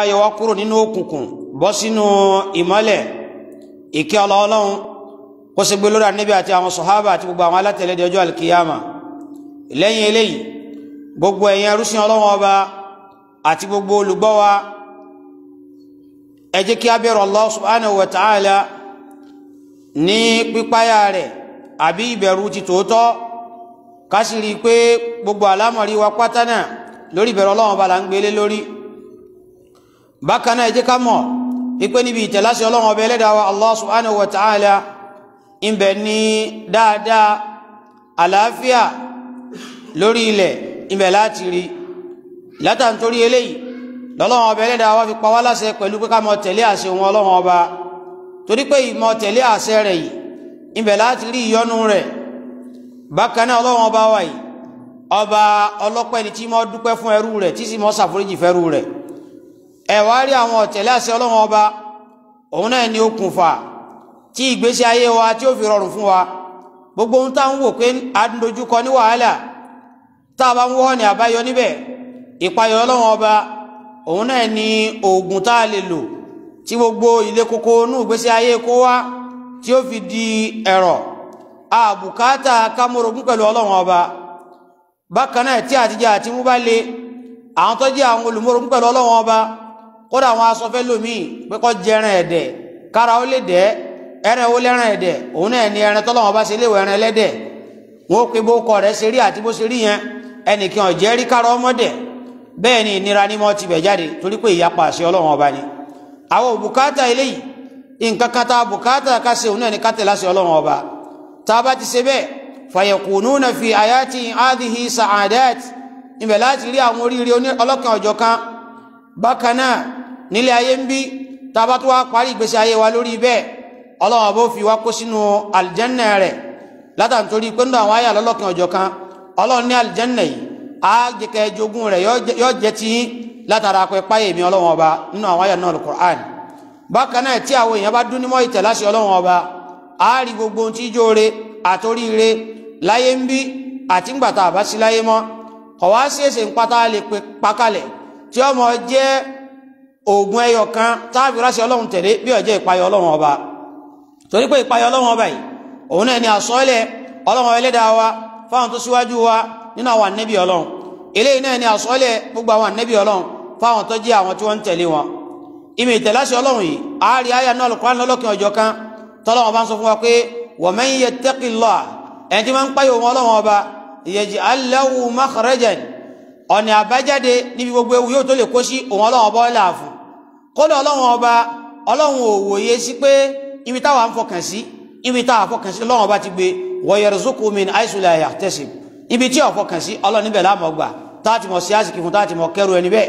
ayọ̀ wa kúrò nínú òkùnkùn bọ́ sínú ìmọ́lẹ̀ ìkẹ́ ọlọ́ọ̀lọ́hun kó sì gbé lórí ànábì àti àwọn sọ̀hábà àti gbogbo àwọn alátẹ̀lẹ́ di ọjọ́ alkiyama lẹ́yìn eléyìí gbogbo ẹ̀yin ẹrúsìn ọlọ́wọ́n ọba àti gbogbo kí a bẹ̀rù Allah ya wa ní pípáyà rẹ̀ àbí gbogbo àlámọ̀rí wa pátánà lórí ìbẹ̀rù ọlọ́wọ́n ọba là ń gbélé bakana náà ẹ jẹ́ ká mọ̀ wípé níbi ìtẹ̀láṣẹ ọlọ́run ọba ẹlẹ́dàá wa allah subhanahu wa ta'ala ń bẹ ní dáadáa àlàáfíà lórí ilẹ̀ ibẹ̀ láti rí látàntorí eléyìí lọ́lọ́run ọba ẹlẹ́dàá wa fi pa wá láṣẹ pẹ̀lú pé ká mọ ọba torí ẹ̀wá rí àwọn ọ̀tẹ̀lẹ́ àṣẹ ọlọ́run ọba òun náà ni kùnfà tí ìgbésí ayé wa tí ó fi rọrùn fún wa gbogbo ohun tá wò pé a ní wàhálà tá ń ni àbáyọ níbẹ̀ ìpayọ̀ ọlọ́run ọba gbogbo ilé inú ìgbésí ayé kó wá tí ó fi di ẹ̀rọ̀ àbùkátà kámorogún pẹ̀lú ọlọ́run ọba bákan náà tí àtijọ́ àti le àwọn tó jẹ́ àwọn ọba kódà àwọn aṣọ fẹ́ lómìn pé kọ́ jẹran ẹ̀dẹ̀ kára ó lè dẹ́ ẹran ó lẹ́ran ẹ̀dẹ̀ òun náà ni ẹran tọ́lọ́wọ́n bá ṣe léwọ̀ ẹran ẹlẹ́dẹ̀ wọn ó pe bó kọ rẹ̀ ṣe rí àti bó ṣe rí yẹn ẹnìkan ọ̀jẹ́ rí kára ọmọdẹ̀ bẹ́ẹ̀ ni ìnira ní mọ́ ti bẹ̀ jáde torí pé ìyapa àṣẹ ọlọ́wọ́n ọba ni àwọn bùkátà eléyìí nǹkan kan tá a bùkátà ká ṣe òun náà ni ká tẹ̀lé àṣẹ ọlọ́wọ́n bákan náà nílé ayé ń bí tábà tó wá parí ìgbésí ayé wa lórí bẹ́ẹ̀ ọlọ́run ọba ó fi wá kó sínú àlìjẹ́nà rẹ̀ látàntorí pé nínú àwọn àyà lọ́lọ́kan ọ̀jọ̀ kan ọlọ́run ní àlìjẹ́nà yìí àjẹkẹ́ jogún rẹ̀ yóò jẹ́ ti látara pé páyé mi ọlọ́run ọba nínú àwọn àyà náà Al-Qur'an bákan náà tí àwọn èèyàn bá dún nímọ̀ ìtẹ̀láṣẹ ọlọ́run ọba á rí gbogbo ohun tí í jóore àtoríire láyé ń bí àtìgbàtà àbá sí láyé mọ́ kọ̀wá sí èsè ń pátá lè pe pakalẹ̀ tí ọmọ jẹ́ oògùn ẹyọ kan táàbí ráṣẹ ọlọ́run tẹ̀lé bí ọjẹ́ ìpayọ ọlọ́run ọba torí pé ìpayọ ọlọ́run ọba yìí òun náà ni àsọ́ọ́lẹ̀ ọlọ́run ẹlẹ́dàá wa fáwọn tó síwájú wa nínú àwọn ànẹ́bí ọlọ́run eléyìí náà ni àsọ́ọ́lẹ̀ gbogbo àwọn ànẹ́bí ọlọ́run fáwọn tó jẹ́ àwọn tí wọ́n ń tẹ̀lé wọn ìmì ìtẹ̀láṣẹ ọlọ́run yìí àárí àyà náà lọ́kùnrin lọ́lọ́kìn ọjọ́ kan tọ́lọ́wọ́n bá ń sọ fún wa pé wa man yattaqillah ẹni tí wọ́n ń páyò ọlọ́run ọba yaj'al lahu makhrajan ọ̀nà àbájáde níbi gbogbo ewu yóò tó lè kó sí òun ọlọ́run ọba ọ̀là fún kódà ọlọ́run ọba ọlọ́run ò wòye sí pé ibi táwa ń fọkàn sí ibi táwa fọkàn sí ọlọ́run ọba ti gbé wọ̀yẹ̀rùsùkù min àìsùlẹ̀ àyàtẹ̀sì ibi tí ọ̀fọkàn sí ọlọ́run níbẹ̀ láàmú gbà táàtì mọ̀ sí àsìkí fún táàtì mọ̀ kẹrù ẹni bẹ́ẹ̀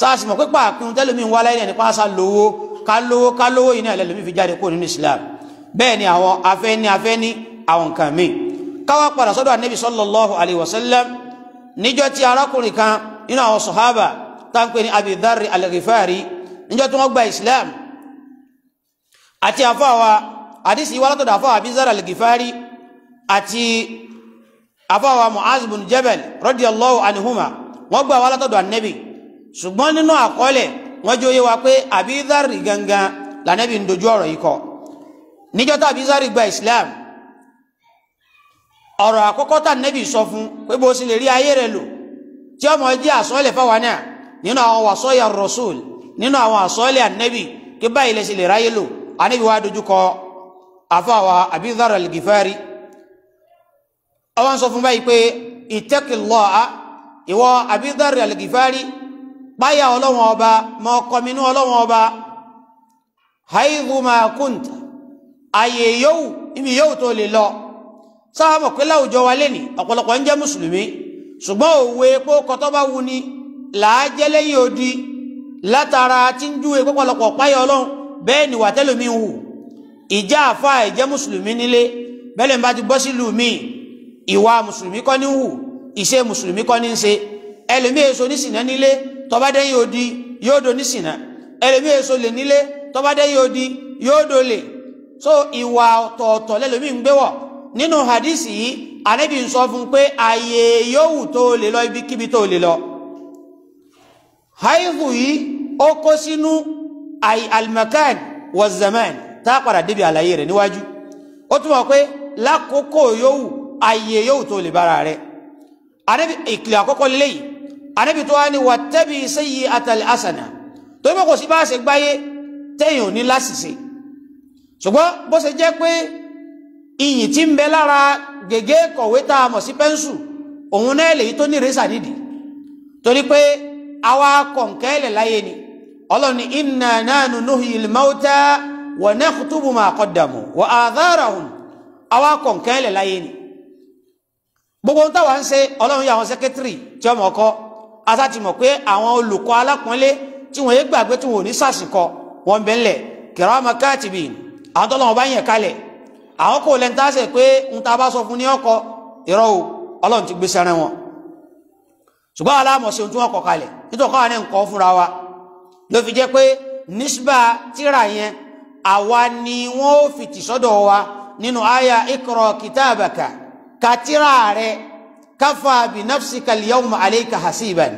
sáàsì mọ̀ pípa àpinnu tẹ́lómi wá láyé nípa àṣà sallallahu alaihi wasallam níjọ́ tí arákùnrin kan nínú àwọn sọ̀hábà táǹpé ní abidhari al-Ghifari níjọ́ tí wọ́n gba islam àti àfáwa àdísì ìwálátọ̀dọ̀ àfáwa abidhari al-Ghifari àti àfáwa mu'az bin jabal radiyallahu anhuma wọ́n gba ìwálátọ̀dọ̀ annabi ṣùgbọ́n nínú àkọọ́lẹ̀ wọ́n jẹ́ oyé wa pé abidhari gangan lànàbì ń dojú ọ̀rọ̀ yìí kọ níjọ́ tí abidhari gba islam ọ̀rọ̀ àkọ́kọ́ tà nẹ́bì sọ fún pé bó sì lè rí ayé rẹ̀ lò tí ọmọ jẹ́ àsọ́ọ̀lẹ̀ fáwa náà nínú àwọn àsọ́ọ̀lẹ̀ rasul nínú àwọn àsọ́ọ̀lẹ̀ ànẹ́bì kí báyìí lè sì lè ráyé lò ànẹ́bì wá dojúkọ àfáwa Abi Dharr al-Ghifari ọwọ́n sọ fún báyìí pé ittaqillaha ìwọ Abi Dharr al ọlọ́wọ́n ọba mọ́ sábà pé láwùjọ wa lẹ́ni ọ̀pọ̀lọpọ̀ ń jẹ́ mùsùlùmí ṣùgbọ́n òwe epo kọtọ́ bá wu ni làájẹ́ lẹ́yìn odi látara tí ń júwe pọ̀pọ̀lọpọ̀ páyọ̀ ọlọ́run bẹ́ẹ̀ ni wàtẹ́lómi ń hù ìjà àfa ìjẹ́ mùsùlùmí nílé bẹ́lẹ̀ ń bá ti bọ́ sílùú míì ìwà mùsùlùmí kọ́ ní hù ìṣe mùsùlùmí kọ́ ní ń ṣe ẹlòmí èso nísìnà nílé tọ́ba dẹ́yìn odi yóò do nísìnà ẹlòmí èso lè nílé tọ́ba dẹ́yìn odi yóò do lè so ìwà ọ̀tọ̀ọ̀tọ̀ lẹ́lòmí ń gbé wọ̀ nínú hadisi yìí ànábì ń sọ fún pé ààyè yòówù tó lè lọ ibikíbi tó lè lọ haifu yìí ó kó sínú almakan wa zaman tá a padà débi àlàyé rẹ̀ níwájú ó túmọ̀ pé lákòókò yòówù ààyè yòówù tó lè bára rẹ̀ ànábì ìkìlẹ̀ àkọ́kọ́ lẹ́yìn ànábì tó wá ní wattabi sayyi'ata al-hasana tó bí kò sí bá a ṣe gbáyé téèyàn ní láṣìṣe ṣùgbọ́n bó ṣe jẹ́ pé iyì tí ń bẹ lára gègé kọ̀wé tá a mọ̀ sí pẹ́ńsù òun náà lèyí tó ní rẹ́sà nídìí torí pé àwa kọ̀ǹkẹ́lẹ̀ láyé ni ọlọ́run ní inna nahnu nuhyil mauta wa nakhtubu ma qaddamu wa adharahum àwa kọ̀ǹkẹ́lẹ̀ láyé ni gbogbo ohun táwa ń ṣe ọlọ́run yà àwọn sẹ́kẹ́tìrì tí ọmọ kọ́ asáti mọ̀ pé àwọn olùkọ́ alápọ̀nlé tí wọ́n yé gbàgbé tí wọ́n ò ní sàṣìkọ wọn bẹ́ńlẹ̀ kìrọ́mọ káàtìbì àwọn tọ́lọ́wọ́n bá yẹn kalẹ̀ àwọn kò lẹ́ni tá a ṣe pé ń ta bá sọ fún ní ọkọ irọ́ o ọlọ́run ti gbé sẹ́rẹ̀ wọn ṣùgbọ́n aláàmọ̀ṣe tí wọ́n kọ̀ kalẹ̀ nítorí káwọn ní nǹkan fúnra wa ló fi jẹ́ pé nísbà tíra yẹn àwa ni wọ́n ó fi tì sọ́dọ̀ wa nínú àyà ka tíra rẹ kafa bi nafsika al-yawma alayka hasiban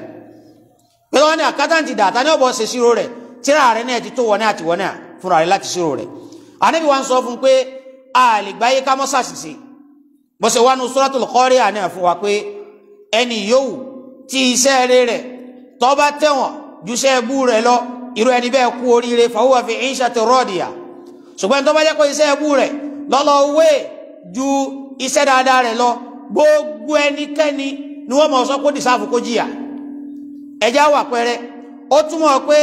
pé wọ́n ní àkátàǹtì dàtà ní ọ̀bọ̀ ṣe ṣírò rẹ̀ tíra rẹ náà ti tó wọ́n náà ti wọ́n náà fúnra rẹ láti ṣírò àníbi wọn sọ fún pé àlègbáyé ká mọ́ sàṣìṣe bọ́sẹ̀ wá nu Suratul Qari'ah àná fún wa pé ẹni yòówù tí iṣẹ́ eré rẹ̀ tó bá tẹ̀wọ̀n juṣẹ́ ẹbú rẹ̀ lọ irú ẹni bẹ́ẹ̀ kú oríire fa huwa fi 'ishati radiyah ṣùgbọ́n tó bá jẹ́ pé iṣẹ́ ẹbú rẹ̀ lọ́lọ́ wé ju iṣẹ́ dáadáa rẹ̀ lọ gbogbo ẹnikẹ́ni ni wọ́n mọ̀ sọ pé dìsáàfù kó jìyà ẹja wà pẹ́rẹ́ ó túmọ̀ pé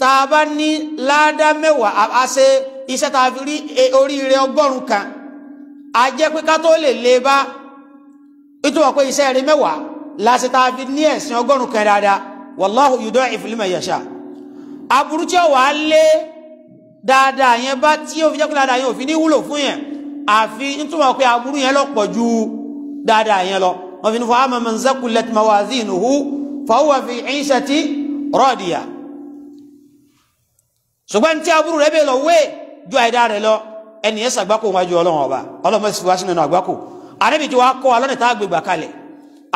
tá a bá ní ládá mẹ́wàá a ṣe iṣẹ́ tá a fi rí e, oríire ọgọ́rùn kan a jẹ́ pé ká tó lè lè bá ìtumọ̀ pé iṣẹ́ rí mẹ́wàá láti tá a fi ní ẹ̀sìn ọgọ́rùn kan dáadáa wallahu yudaifu liman yasha aburú tí ó wà á lé dáadáa yẹn bá tí ó fi jẹ́ pé dáadáa yẹn ò fi ní wúlò fún yẹn àfi ìtumọ̀ pé aburú yẹn lọ pọ̀ ju dáadáa yẹn lọ wọ́n fi ní fa'amma man zaqulat tí aburú rẹ̀ ju àìdá rẹ̀ lọ ẹni yẹn sàgbákò wájú ọlọ́run ọba ọlọ́run mẹ́sì wá sínú àgbákò ànábì tí wàá kọ́ alọ́nà tá a gbégbà kalẹ̀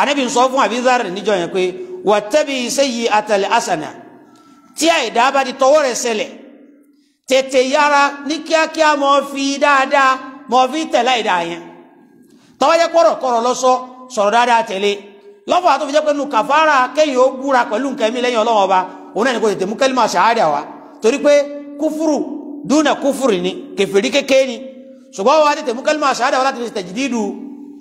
ànábì ń sọ fún àbízárì níjọ́ yẹn pé wà tẹ́bi sẹ́yì àtàlẹ́ àsànà tí àìdá bá di tọwọ́ sele ṣẹlẹ̀ tètè yára ní kia mọ́ fi dáadáa mọ́ fi tẹ̀lé àìdá yẹn tọ́wọ́jẹ́ kọ̀rọ̀kọ̀rọ̀ lọ́sọ sọ̀rọ̀ dáadáa tẹ̀lé lọ́fọ̀ àtọ́ fi jẹ́ pé nu kàfàrà kéyìn ó búra pẹ̀lú nǹkan mi lẹ́yìn ọlọ́run ọba òun náà ni kò tètè mú kẹ́lí máa ṣàárẹ̀ wa torí pé kúfúrù dúnà kúfùrì ni kẹfìrí kékeré ni ṣùgbọ́n wa tètè mú kálímà ṣáádà wa láti fi tẹ̀jìdìdù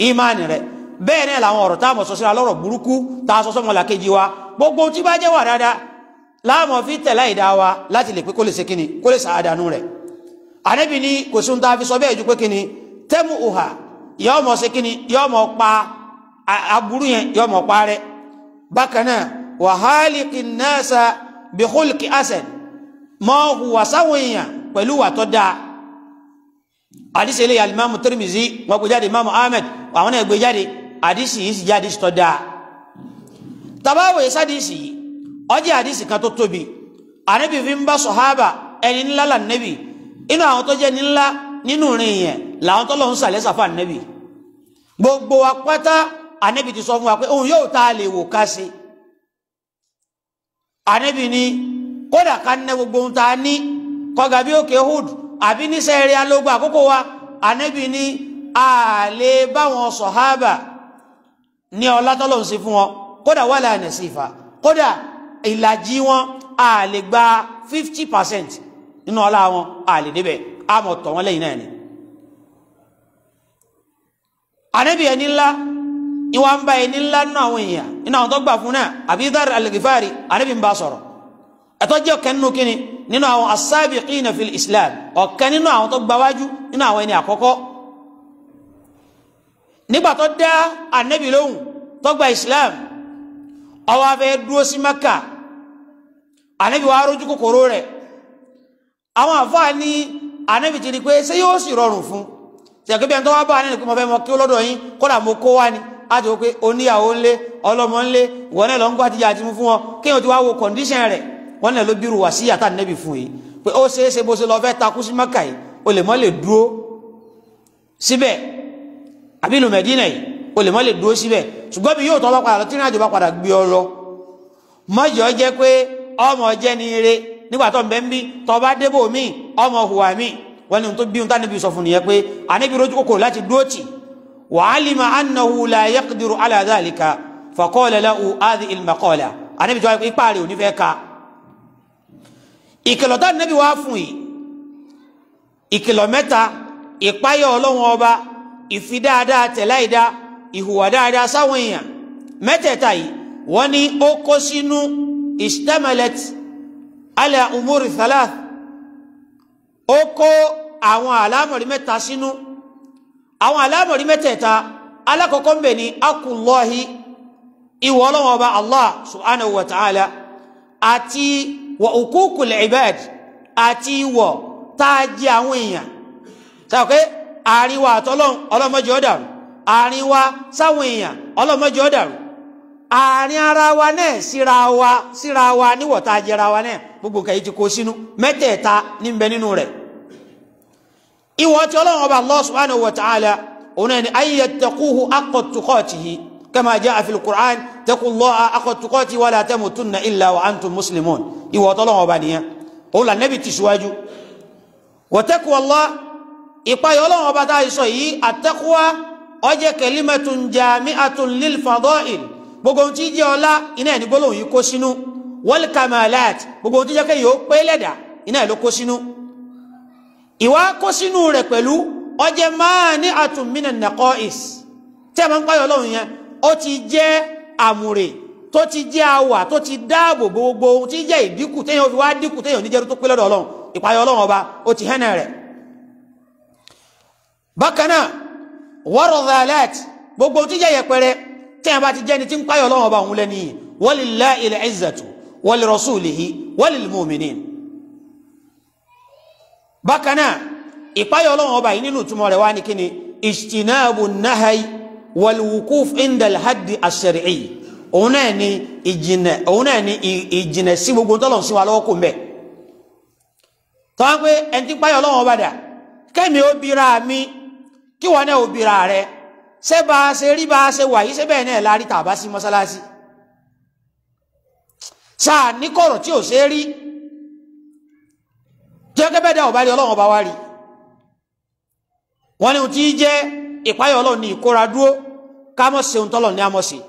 ìmánì rẹ̀ bẹ́ẹ̀ náà làwọn ọ̀rọ̀ táwọn sọ síra lọ́rọ̀ burúkú tá a sọ sọ́mọ làkejì wa gbogbo tí bá jẹ́ wà dáadáa láàmú fi tẹ̀lá ìdá wa láti lè pé kó lè ṣe kíni kó lè ṣàdánù rẹ̀ ànábì ni kò sí ohun tá a fi sọ bẹ́ẹ̀ ju pé kíni tẹ́mu òhà yọ́ mọ̀ ṣe kíni yọ́ mọ̀ pa aburú yẹn yọ́ mọ̀ pa rẹ̀ bákan náà wàhálì kìnnẹ́sà bìkúlì kì pẹ̀lú wà tó dáa àdìsí ilé alimami tirimizi wọn gbé jáde imamu ahmed àwọn náà gbé jáde àdìsí yìí sì jáde tó dáa tabawo yìí sádìsí yìí ọjọ́ àdìsí kan tó tóbi ànábì fi ń bá sọ̀hábà ẹni ńlá là nẹ́bì inú àwọn tó jẹ́ ní ńlá nínú rìn yẹn làwọn tó lọ́hún sàlẹ̀ sàfà nẹ́bì gbogbo wa pátá ti sọ fún wa pé òun yóò tá a lè wò ká sí ànábì ni kódà ká ná gbogbo ohun tá a ní kọgà bí òkè hood àbí níṣẹ́ eré alógbò àkókò wa ànábì ní àlè báwọn sọ̀hábà ní ọlá tọ́lọ̀ ń fún wọn kódà wà láàánà sí ìfà kódà ìlàjì wọn àlè gba fifty percent nínú ọlá wọn àlè débẹ̀ àmọ̀ tọ̀ wọn lẹ́yìn náà ni. ànábì ẹni ńlá ìwà ń ba ẹni ńlá nínú àwọn èèyàn nínú àwọn tó gbà fún náà àbí Dhar al-Ghifari ànábì ń bá sọ̀rọ̀ ẹ̀tọ́ jẹ́ ọ̀kẹ́ kíni nínú àwọn asábìkínà fil islam ọ̀kan nínú àwọn tó gbáwájú nínú àwọn ẹni àkọ́kọ́ nígbà tó dá ànábì lóhùn tó gba islam ó wá fẹ́ dúró sí maka ànábì wa rójú kòkòrò rẹ̀ àwọn àfáà ní ànábì ti rí pé ṣé yóò sì rọrùn fún tẹ̀kẹ́ bí ẹni tó wá bá ànábì pé mo fẹ́ mọ kí ó lọ́dọ̀ yín kódà mo kó wá ni láti wọ́n pé oníyàwó ńlé ọlọ́mọ ńlé wọ́n náà lọ ń gbá àtijọ́ àti mú fún wọn kéèyàn ti wá wo kọ̀ǹdíṣàn rẹ̀ wọ́n lè ló bírù wá sí yàtà nẹ́bì fún yìí pé ó ṣeé ṣe bó ṣe lọ fẹ́ takú sí mọ́kà yìí o lè mọ́ lè dúró síbẹ̀ àbí ìlú mẹ́dínà yìí o lè mọ́ lè dúró síbẹ̀ ṣùgbọ́n bí yóò tọ́ bá padà lọ tí ìrìnàjò bá padà gbé ọ lọ mọ́jọ́ jẹ́ pé ọmọ jẹ́ ni ire nígbà tó ń bẹ́ ń bí tọ́ bá débò mí ọmọ hùwà mí wọ́n ní tó bí ohun tánibí sọ fún nìyẹn pé àníbi rojú kòkòrò láti dúró tì wa alima la yaqdiru ala dhalika faqala lahu hadhihi al-maqala àníbi tó wáyé pé ipá ò ní fẹ́ ka ìkìlọ̀ tá nẹ́bí wá fún yìí ìkìlọ̀ mẹ́ta ìpáyọ̀ ọlọ́run ọba ìfi dáadáa tẹ̀láìdá ìhùwà dáadáa sáwọn èèyàn mẹ́tẹ̀ẹ̀ta yìí wọ́n ní ó kó sínú istamalet ala umuri thalath ó kó àwọn àlámọ̀rí mẹ́ta sínú àwọn àlámọ̀rí mẹ́tẹ̀ẹ̀ta alákọ̀ọ́kọ́ ń bẹ̀ ní akullahi ìwọ ọlọ́run ọba allah subhanahu wa ta'ala àti wa hukukul ibad àti ìwọ̀ tá a jẹ àwọn èèyàn sọ pé àárín wa àtọ́lọ́hún ọlọ́mọdé ó dàrú àárín wa sáwọn èèyàn ọlọ́mọdé ó dàrú àárín ara wa náà síra wa síra wa níwọ̀ tá a jẹra wa náà gbogbo kẹ́yì ti kó sínú mẹ́tẹ̀ẹ̀ta ní bẹ nínú rẹ̀ ìwọ̀ tí ọlọ́run ọba Allah subhanahu wa ta'ala òun náà ni ayyattaquhu haqqa tuqatihi kama jaa fil Qur'an taqullaha haqqa tuqatihi wa la tamutunna illa wa antum muslimun ìwọ ọtọlọwọn ọba nìyẹn òun là nẹbi tìṣíwájú wọtẹkùọlá ìpayọ ọlọ́run ọba tá a sọ yìí àtẹkùwá ọjẹ kẹlímẹtùn jàmí àtùn lil fadọ́ìl gbogbo ohun tí jẹ ọlá iná ẹni gbólóhùn yìí kó sínú wal kamalat gbogbo ohun tí jẹ kẹyìn ó pé lẹdà iná ẹ ló kó sínú ìwà kó sínú rẹ̀ pẹ̀lú ọjẹ máa ní àtùn minan naqais tẹ ẹ máa ń payọ ọlọ́run yẹn ó ti jẹ àmùrè tó ti jẹ́ awà tó ti dáàbò gbogbo ohun tí jẹ́ ìdínkù téèyàn fi wá dínkù téèyàn níjẹ́rú tó pé lọ́dọ̀ ọlọ́run ìpayọ̀ ọlọ́run ọba ó ti hẹ́nà rẹ̀ bákan náà wọ́rọ̀ zalat gbogbo ohun tí jẹ́ yẹpẹrẹ téèyàn bá ti jẹ́ ni tí ń payọ̀ ọlọ́run ọba òun lẹ́ni walillahi al-izzatu walirasulihi walilmu'minin bákan náà ìpayọ̀ ọlọ́run ọba yìí nínú ìtumọ̀ rẹ̀ ní kíni ìṣtìnàbù náhàí wàlúwùkúf òun náà ni ìjìnà òun náà ni ìjìnà sí gbogbo tọ́lọ̀ sí wa lọ́wọ́ kò mbẹ̀ tọ́wọ́n pé ẹni tí páyọ̀ lọ́wọ́ bàdà kẹ́mi ó bira mi kí wọn náà ó bira rẹ ṣé bá a ṣe rí bá a ṣe wà yìí ṣé bẹ́ẹ̀ náà lárí tàbá sí mọ́sálásí sáà ní kọ̀rọ̀ tí ò ṣe é rí jẹ́ kẹ́ bẹ́ẹ̀ dá ọ̀bá rí ọlọ́wọ́n bá wá rí wọ́n ní ohun tí jẹ́ ìpáyọ̀ ọlọ́run ní ìkóra dúró ká mọ̀ ṣe ohun tọ́lọ̀ ní àmọ̀ ṣe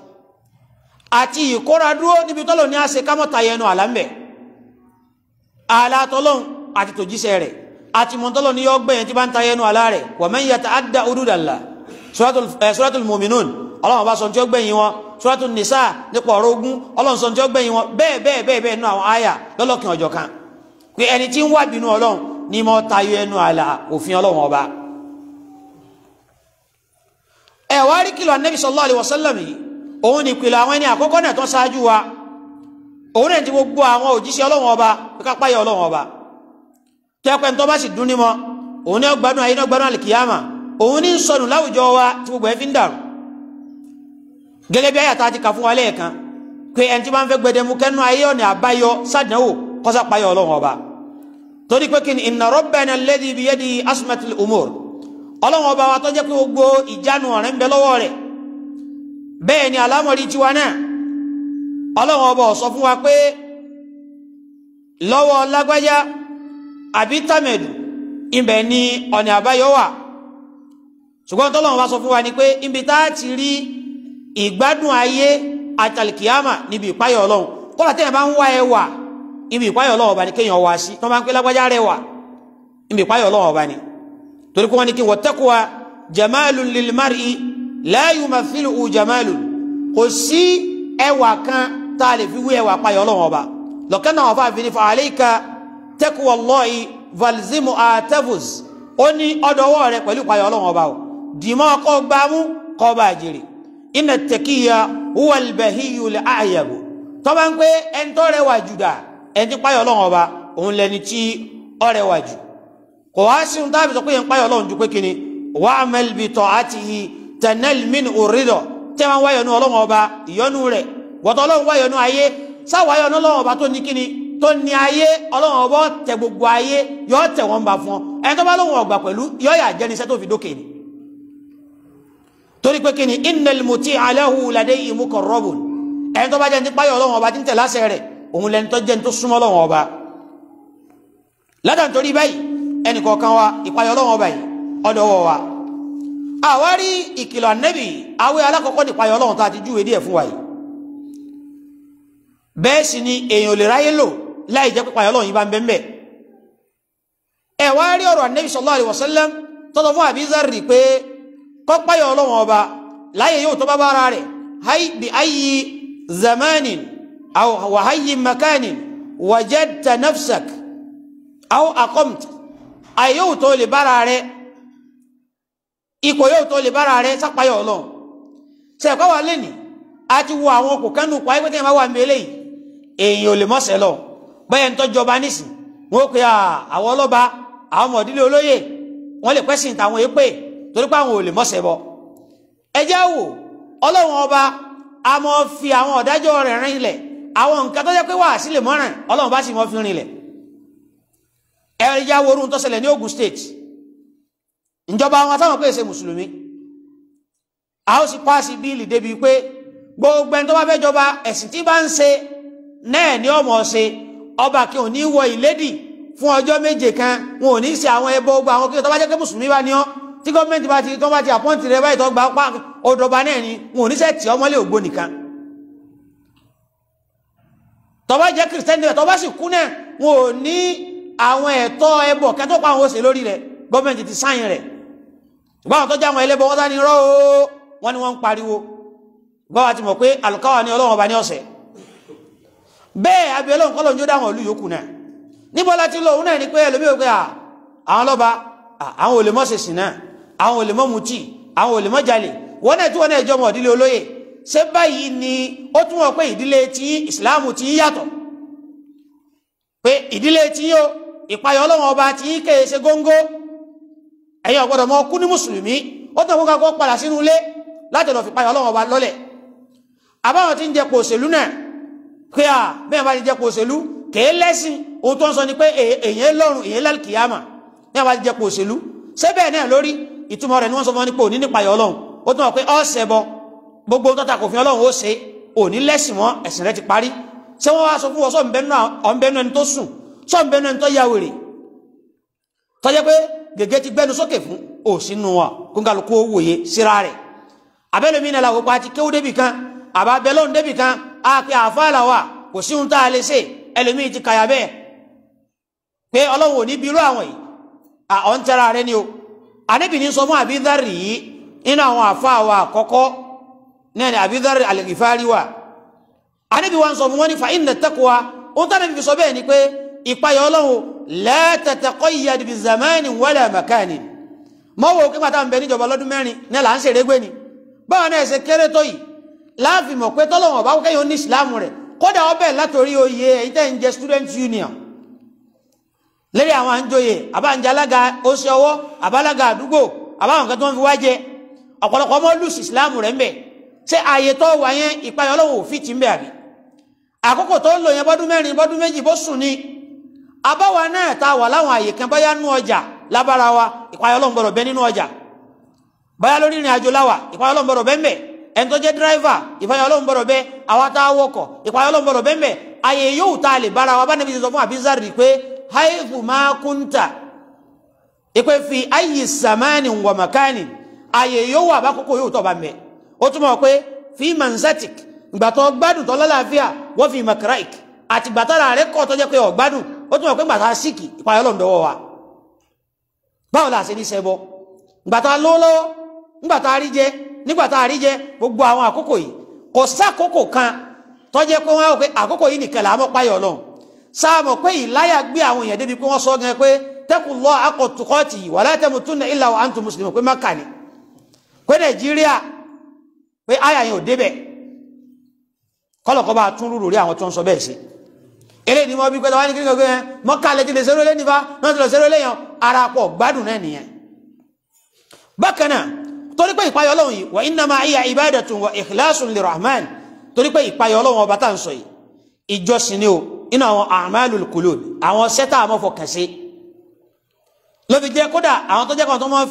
àti ìkóra dúró níbi tọ́lọ̀ ní àṣẹ kámọ́ta yẹnu àlámbẹ̀ àlátọ́lọ́n àti tòjíṣẹ́ rẹ̀ àti mọ̀tọ́lọ̀ ní ọgbẹ̀yẹn tí bá ń ta yẹnu àlá rẹ̀ wa man yata'adda hududallah suratul eh, mu'minun ọlọ́run bá sọ tí ó gbẹ̀yìn wọn suratul nisa nípa ọ̀rọ̀ ogun ọlọ́run sọ tí ó gbẹ̀yìn wọn bẹ́ẹ̀ bẹ́ẹ̀ bẹ́ẹ̀ bẹ́ẹ̀ nú àwọn àyà lọ́lọ́kin ọjọ́ kan pé ẹni tí ẹnu àlà òfin ọlọ́run ọba ẹ̀wá rí kìlọ̀ anábì sallallahu alaihi wasallam yìí òun ni ìpìlẹ̀ àwọn ẹni àkọ́kọ́ náà tó ṣáájú wa òun náà ti gbogbo àwọn òjíṣẹ́ ọlọ́wọ́n ọba kápáyà ọlọ́wọ́n ọba tẹ́pẹ́ ní tó bá sì dún ní mọ́ òun ní ọgbàdún ayé ní ọgbàdún àlìkìyàmà òun ní sọnù láwùjọ wa tí gbogbo ẹ fi ń dàrú gẹ́gẹ́ bí àyàtà ti kà fún wa lẹ́ẹ̀kan pé ẹni tí wọ́n fẹ́ gbẹdẹmú kẹ́nu ayé ọ̀nà àbáyọ sàdánwò kọ́sà páyọ ọlọ́run ọba torí pé kí ni inna rabbana alladhi biyadihi asmatul umur ọlọ́run ọba wa tó jẹ́ pé gbogbo ìjánu ọ̀rẹ́ ń bẹ lọ́wọ́ rẹ̀ bẹ́ẹ̀ ni alámọ̀rí tiwa náà ọlọ́run ọba sọ fún wa pé lọ́wọ́ lágbájá àbí ni ọ̀nà àbáyọ wà ṣùgbọ́n tọ́lọ́run bá sọ fún wa ni pé ibi tá a ti rí ìgbádùn ayé àtàlìkìyàmà níbi ìpáyọ̀ ọlọ́run kọ́lá tẹ́yìn bá ń wá wa ibi ìpáyọ̀ ọlọ́run ọba ni kéèyàn wá sí tọ́ bá ń pé lágbájá ibi ìpáyọ̀ ọlọ́run ọba ni torí kí wọ́n la yumathiluhu jamalun kò sí ẹwà kan tá a lè fi wí ẹwà payọ̀ ọlọ́run ọba lọ́kàn náà wọ́n fà fi ní fa alayka taqwallahi valzimu atavus ó ní ọdọwọ́ rẹ pẹ̀lú payọ̀ ọlọ́run ọba o dìmọ́ ọkọ̀ gbámú kọ́ bá jèrè inna tẹ̀kíyà huwa albahiyu al-a'yabu tọ́ba ń pé ẹni tó rẹwà jù dà ẹni tí payọ̀ ọlọ́run ọba òun lẹni tí ó rẹwà jù kò wá sí ohun tábìtọ̀ pé yẹn payọ̀ ọlọ́run ju pé kíni wa'mal bi ta'atihi tanal min urido tẹ́ máa ń wáyọ̀nù ọlọ́wọ́n ọba ìyọ́nù rẹ̀ wọ́tọ̀ ọlọ́wọ́n wáyọ̀nù ayé sáwáyọ̀nù ọlọ́wọ́n ọba tó ní kíni tó ní ayé ọlọ́wọ́n ọba tẹ gbogbo ayé yọ tẹ wọn bá fún ọ ẹni tó bá lóun ọgbà pẹ̀lú yọ yà jẹnisẹ́ tó fi dókè ni. torí pé kíni innal muti alahu ladayhi muqarrabun ẹni tó bá jẹ́ ní páyọ̀ ọlọ́wọ́n ọba tí ń tẹ̀ lásẹ̀ rẹ̀ òun lẹni tó jẹ́ ní tó súnmọ́ ọlọ́wọ́n ọba. ládàá nítorí báyìí ẹnì àwárí ìkìlọ̀ ànẹ́bì awẹ́ alákọ̀ọ́kọ́ nípa ayọ̀ ọlọ́run tá a ti júwe díẹ̀ fún wa yìí bẹ́ẹ̀ sì ni èèyàn lè ráyé lò láì jẹ́ pípa ayọ̀ ọlọ́run yìí bá ń bẹ́ mbẹ́ ẹ̀ wá rí ọ̀rọ̀ ànẹ́bì sallallahu alaihi wasallam tọ́tọ̀ fún àbízárì pé kọ́páyọ̀ ọlọ́run ọba láyé yóò tó bá bá ara rẹ̀ bí ayi zamanin aw ayi makanin wajadta nafsak aw aqamta ayé yóò tó lè bára rẹ̀ ipò yóò tó lè bára rẹ sápayọ̀ ọlọ́run ṣe ẹ̀kọ́ wa lẹ́nì a ti wo àwọn kò kánú pa ẹgbẹ́ tí wọ́n bá wà ń bẹ́lẹ̀ yìí èèyàn ò lè mọ̀ọ́sẹ̀ lọ bẹ́ẹ̀ ń tọ́jọba nísìn wọn ó pe àwọn ọlọ́ba àwọn ọmọdílé olóyè wọn lè pẹ́sìn tàwọn èèpè torí pé àwọn ò lè mọ̀ọ́sẹ̀ bọ ẹ jẹ́ wò ọlọ́run ọba a mọ̀ fi àwọn ọ̀dájọ́ rẹ̀ rinlẹ̀ àwọn nǹkan tó jẹ́ pé wà sílẹ̀ mọ́ràn ọlọ́run bá sì mọ́ fi rinlẹ̀ ẹ jẹ́ wo orun tó ṣẹlẹ̀ ní Ogun State ìjọba wọn táwọn pé ṣe mùsùlùmí a ó sì pàṣẹ bíìlì débi pé gbogbo ẹni tó bá fẹ́ jọba ẹ̀sìn tí bá ń ṣe náà ni ọmọ ṣe ọba kí òní wọ ìlédì fún ọjọ́ méje kan wọn ò ní ṣe àwọn ẹbọ gbogbo àwọn kí tó bá jẹ́ pé mùsùlùmí bá ní ọ́ tí gọ́ọ̀mẹ́ntì bá ti tó bá ti àpọ́ǹtì rẹ báyìí tó gba pa ọdọba náà ni wọn ò ní ṣe tì ọmọlé ògbó nìkan tó bá jẹ́ kìrìsìtẹ́nì tó bá sì kú náà wọn ò ní àwọn ẹ̀tọ́ ẹbọ kẹ́tọ́ pa àwọn òṣèlórí rẹ gọ́ọ̀mẹ́ntì ti sáyìn rẹ̀ ìbáwọn tó jáwọn ẹlẹ́bọ wọ́n sáni rọ́ o wọ́n ni wọ́n ń pariwo gbọ́wà ti mọ̀ pé àlùkáwà ní ọlọ́run ọba ní ọ̀sẹ̀ bẹ́ẹ̀ abẹ́ ọlọ́run ni pé ẹlòmíì ò pé àwọn ọlọ́ba àwọn olè mọ́ sèṣì náà àwọn olè mọ́ mutí àwọn olè mọ́ jalè wọ́n náà tí wọ́n ìdílé ni ó túmọ̀ pé ìdílé tí ìsìláàmù ti yàtọ̀ pé ìdílé tí yóò ìpayọ̀ ọlọ́run ọba ti kéèṣe góńgó ẹ̀yin ọ̀gbọ́dọ̀ mọ́ kú ní mùsùlùmí ó tàn fún kakọ́ padà sínú ilé láti lọ fi payọ̀ ọlọ́run ọba lọ́lẹ̀ àbáwọn tí ń jẹpọ̀ òṣèlú náà pé à bẹ́ẹ̀ bá ti jẹpọ̀ òṣèlú kèé lẹ́sìn ohun tó ń sọ ni pé èyàn lọ́run èyàn lálkìyàmà bẹ́ẹ̀ bá ti jẹpọ̀ òṣèlú ṣé bẹ́ẹ̀ náà lórí ìtumọ̀ rẹ̀ ni wọ́n sọ fún ọ ní nípa ayọ̀ ọlọ́run ó tún wà pé ọ̀sẹ̀ bọ gbogbo tó ta kò fi ọlọ́run ó ṣe òní lẹ́sìn mọ́ ẹ̀sìn rẹ ti parí ṣé gege ti gbẹnu sókè fún òsínú wa kóńkàlùkù òwòye síra rẹ̀ abẹ́lómi náà pa ti kéwú débì kan àbá bẹ́lọ́n débì kan á pe àáfàá làwà kò sí ohun a lè ṣe ti kàyà bẹ́ẹ̀ pé ọlọ́run ò ní bí irú àwọn yìí tẹ́ra rẹ ni o àníbì ní sọ fún àbídárì yìí nínú àwọn àáfàá wa àkọ́kọ́ náà ni wa wa ń sọ fún wọn ní fa la tataqayyad bi zamani wala makani mọ́ wo kí pàtàkì bẹ níjọba lọ́dún mẹ́rin ní là ń ṣe régbé ni báwọn náà ṣe kéré tó yìí láàfin mọ̀ pé tọ́lọ́wọ̀n bá kẹ́yìn oní ìsìláàmù rẹ̀ kódà ọbẹ̀ látòrí oyè èyí tẹ́ ń jẹ student union lérí àwọn àǹjọyè àbáǹjẹ alága oṣù ọwọ́ àbálága àdúgbò àbáwọn kan tó ń fi wá jẹ ọ̀pọ̀lọpọ̀ ọmọ lùsì ìsìláàmù rẹ̀ ń bẹ̀ ṣé ààyè tó wà yẹn ìpayọ̀ ọlọ́wọ̀ òfin ti ń bẹ̀ àbí àkókò tó ń lò yẹn bọ́dún mẹ́rin bọ́dún méjì bó sùn ni abáwa náà tá a wà láwọn àyè kan báyá nú ọjà lábára wa ìpayà ọlọ́run gbọ́dọ̀ bẹ nínú ọjà báyá lórí ìrìn àjò láwà ìpayà ọlọ́run gbọ́dọ̀ bẹ ńbẹ̀ ẹni tó jẹ́ dírẹ́fà ìpayà ọlọ́run gbọ́dọ̀ bẹ àwa tá a wọkọ̀ ìpayà ọlọ́run gbọ́dọ̀ bẹ ńbẹ̀ àyè yóò tá lè bára wa bá níbi sọ fún àbísàrì pé haifu máa kúńtà ìpè fi ayi sàmánì wà màkánì àyè yóò wà bákòókò yóò tọ̀ bá mẹ́ ó túmọ̀ fi manzatic ìgbà tó gbádùn tó lálàáfíà wọ́n fi makaraik àtìgbà tára rẹ̀ ó tún pé ìgbà tá a síkì ìpayọ̀ ọlọ́run wa báwọn la ṣe ní ṣẹbọ gbata tá a lówó lọ́wọ́ ìgbà tá a rí jẹ nígbà tá a rí jẹ gbogbo àwọn àkókò yìí kò sákòókò kan tó jẹ́ pé wọ́n á wò pé àkókò yìí nìkan làá mọ́ páyọ̀ ọlọ́run pé ìláyà gbé àwọn èèyàn débi pé sọ gan pé pé pé Nàìjíríà pé yẹn ò eléyìí ni mo bí pẹ́lú wá ní kí ní sọ pé ẹ mọ́kàlẹ́ ti lè ṣeré lé nípa náà ti lọ ṣeré lé yàn ara pọ̀ gbádùn náà nìyẹn. bákan náà torí pé ìpayọ̀ ọlọ́run yìí wa innama hiya ibadatun wa ikhlasun lirahman torí pé ìpayọ̀ ọlọ́run ọba tá à ń sọ yìí ìjọsìn ni o inú àwọn a'malul qulub àwọn sẹ́tà àmọ́ lóbi jẹ́ kódà àwọn tó kan tó mọ́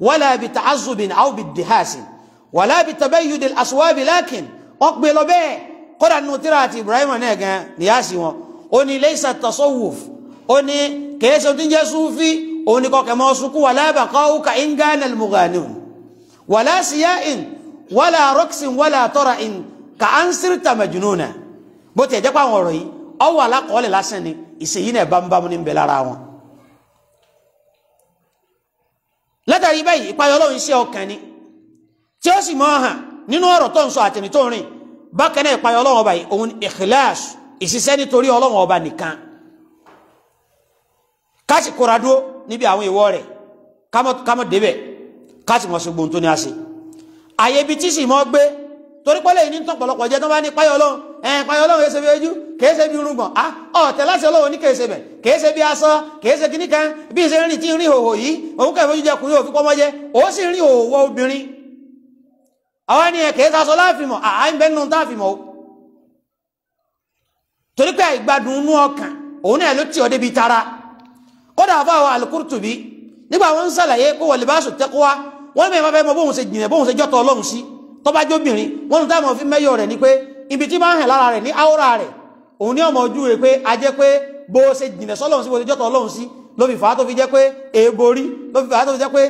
wala bi hulqi aw bi dihasin wàlá bi tabayyud al-aswab lakin wọ́n gbé lọ bẹ́ẹ̀ kódà nínú tíra àti Ibrahim náà gan níyàsí wọn ó ní laysa tasawuf ó ní kèéṣe tí ń jẹ́ súfí òun ní kọkẹ̀ mọ́ sukú wàlá baqauka in gana al-mughaniyun wàlá siya'in wàlá raqsin wàlá tara'in ka an sirta majnuna bó ti ẹ̀jẹ̀ pàwọn ọ̀rọ̀ yìí ọwọ́ alákọ̀ọ́lẹ̀ lásán ni ìṣèyí náà bámúbámú ní ń bẹ lára wọn látàrí báyìí ìpayọ̀ ọlọ́run iṣẹ́ ọkàn ni tí ó sì mọ́ hàn nínú ọ̀rọ̀ tó ń sọ àtẹni tó ń rìn bákan náà ìpayọ ọlọ́run ọba yìí òun ikhlas ìṣiṣẹ́ nítorí ọlọ́run ọba nìkan ká kóra dúró níbi àwọn ìwọ rẹ̀ kámọ́ débẹ̀ ká sì sí gbóhun tó ní a ṣe àyè ibi tí sì mọ́ gbé torí pọ́lẹ̀ yìí ní tán pọ̀lọpọ̀ jẹ́ tó bá ní páyọ̀ ọlọ́run ẹ̀ẹ́n páyọ̀ ọlọ́run kìí ṣe bí ojú kìí ṣe bí irùngbọ̀n á ah, ọ̀tẹ̀ láti ọlọ́run ní kìí ṣe bẹ̀ kìí ṣe bí aṣọ kìí ṣe kíníkan bí ṣe rìn tí ń rìn àwọn ni ẹ̀kẹ́ sasọ láàfimọ̀ àìbẹ́nu táàfimọ̀ o torí pé àìgbádùn inú ọkàn òun náà ló tì ọ́ débi tara kódà fáwọn alukurtubi nígbà wọn ń sàlàyé kó wọlé bá sùn tẹ́kọ́wá wọn mẹ́rin máa fẹ́ mọ bóun ṣe jìnnà bóun ṣe jọ́tọ̀ ọlọ́run sí tọ́ba jóbìnrin wọn táwọn fi mẹ́yọ̀ rẹ̀ ni pé ibi tí máa ń hàn lára rẹ̀ ní áwòrán rẹ̀ òun ní ọmọ ojú rẹ̀ pé ajẹ́ pé bó ṣe jìnnà sọ́lọ́run sí bó ṣe jọ́tọ̀ ọlọ́run sí ló fi fàá tó fi jẹ́ pé èèbo rí ló fi fàá tó fi jẹ́ pé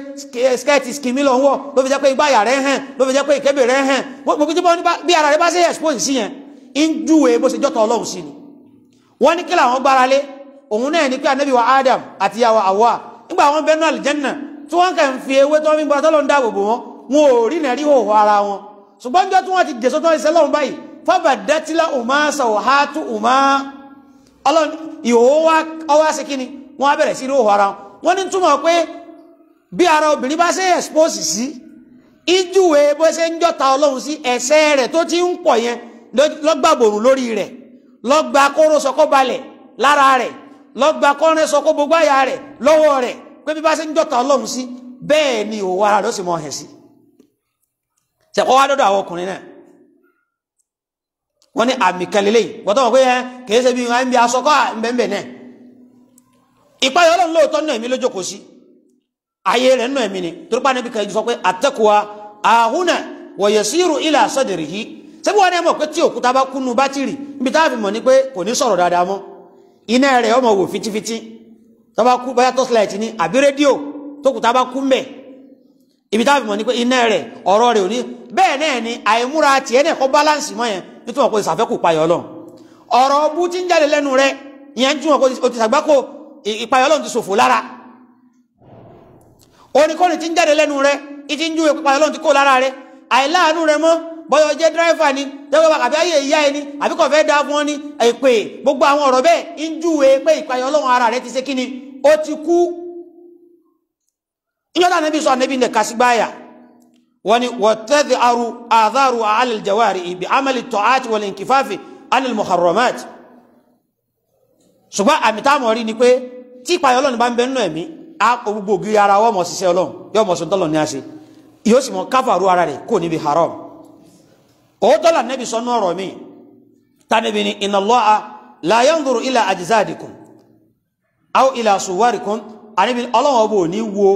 skẹ́ẹ̀tì skimi ló ń wọ̀ ló fi jẹ́ pé igbáyà rẹ̀ hàn ló fi jẹ́ pé ìkébè rẹ̀ hàn gbogbo tí bí ara rẹ̀ bá ṣe expose sí yẹn ń júwe bó ṣe jọ́tọ̀ ọlọ́run sí ni wọ́n ní kí làwọn gbára lé òun náà ní pé ànábì wa Adam àti yàwó àwa nígbà àwọn bẹ́ẹ̀ náà àlìjẹ́nà tí wọ́n kàn ń fi ewé tó ń gbára tọ́lọ́ ń dáàbòbò wọn wọn ò rí nàrí òhò ara wọn ṣùgbọ́n níjọ́ tí wọ́n ti dèso tán ìṣẹ́ lọ́run báyìí fábàdátìlá òmá sàwọ́ hátú òmá ọlọ́run ìhòòhò ọwọ́ àṣekínni wọ́n á bẹ̀rẹ̀ sí róhò ara wọ́n ní túmọ̀ pé bí ara obìnrin bá ṣe expose sí ìjúwe bó ṣe ń jọta ọlọ́run sí rẹ̀ tó ti ń pọ̀ yẹn lọ́gbà lórí rẹ̀ lọ́gbà kóró sọkó balẹ̀ lára rẹ̀ lọ́gbà kọ́rin sọkó gbogbo àyà rẹ̀ lọ́wọ́ rẹ̀ pé bí ni òwò ara ló sì mọ ìpayọ̀ ọlọ́run lóòótọ́ náà èmi lójókòó sí ayé rẹ̀ náà èmi ni torí pa níbi kan sọ pé àtẹ́kùwa àhúnà wọ̀yẹ̀sírù ilà sọ́dẹ̀rì yìí sẹ́bí wọn ní ẹ̀mọ̀ pé tí òkúta bá kúnnú bátìrì níbi táàbì mọ̀ ní pé kò ní sọ̀rọ̀ dáadáa mọ́ iná rẹ̀ ọmọ wò fitifiti tó bá kú bóyá tọ́sílẹ̀tì ni àbí rédíò tókùta bá kú mbẹ̀ ibi táàbì mọ̀ ní pé iná rẹ̀ ọ̀rọ̀ rẹ̀ ò ní bẹ́ẹ̀ náà ni àìmúra tiẹ̀ náà kọ́ báláǹsì mọ́ yẹn nítorí wọn kò ìsàfẹ́kù payọ̀ lọ ọ̀rọ̀ ọbú ti ń jáde lẹ́nu rẹ̀ ìyẹn ń túmọ̀ kó o ti sàgbákò ìpayọ̀ ọlọ́run ti ṣòfò lára oníkọ́ni ti ń jáde lẹ́nu rẹ ìtí ń júwe ìpayọ̀ ọlọ́run ti kó lára rẹ àìláàánú rẹ mọ́ bọ́yọ̀ jẹ́ dírẹ́fà ni dẹ́gbẹ́ àbí ayé ìyá ẹni àbí kò fẹ́ dáa fún ọ ní èpè gbogbo àwọn ọ̀rọ̀ bẹ́ẹ̀ ń júwe pé ìpayọ̀ ọlọ́run ara rẹ ti ṣe kíni ó ti kú ìyọ́ta níbi sọ níbi nìka sí gbáyà wọ́n ni wọ́tẹ́dì aru àdharu alil jawari ibi amali tọ́át wal inkifafi anil muharramat ṣùgbọ́n àmì táwọn rí ni pé tí ìpayọ̀ ọlọ́run bá ń bẹ nínú ẹ̀mí á kó gbogbo ògiri ara wọ́n mọ̀ ṣiṣẹ́ ọlọ́run yóò mọ̀ sọ́tọ́ lọ́ni àṣẹ yóò sì mọ̀ káfàrú ara rẹ̀ kó níbi haram òótọ́ là nẹ́bi sọ́nú ọ̀rọ̀ mi tanibi ni inna Allaha la yanzuru ila ajzadikum aw ila suwarikum àníbi ọlọ́run ọba ò wo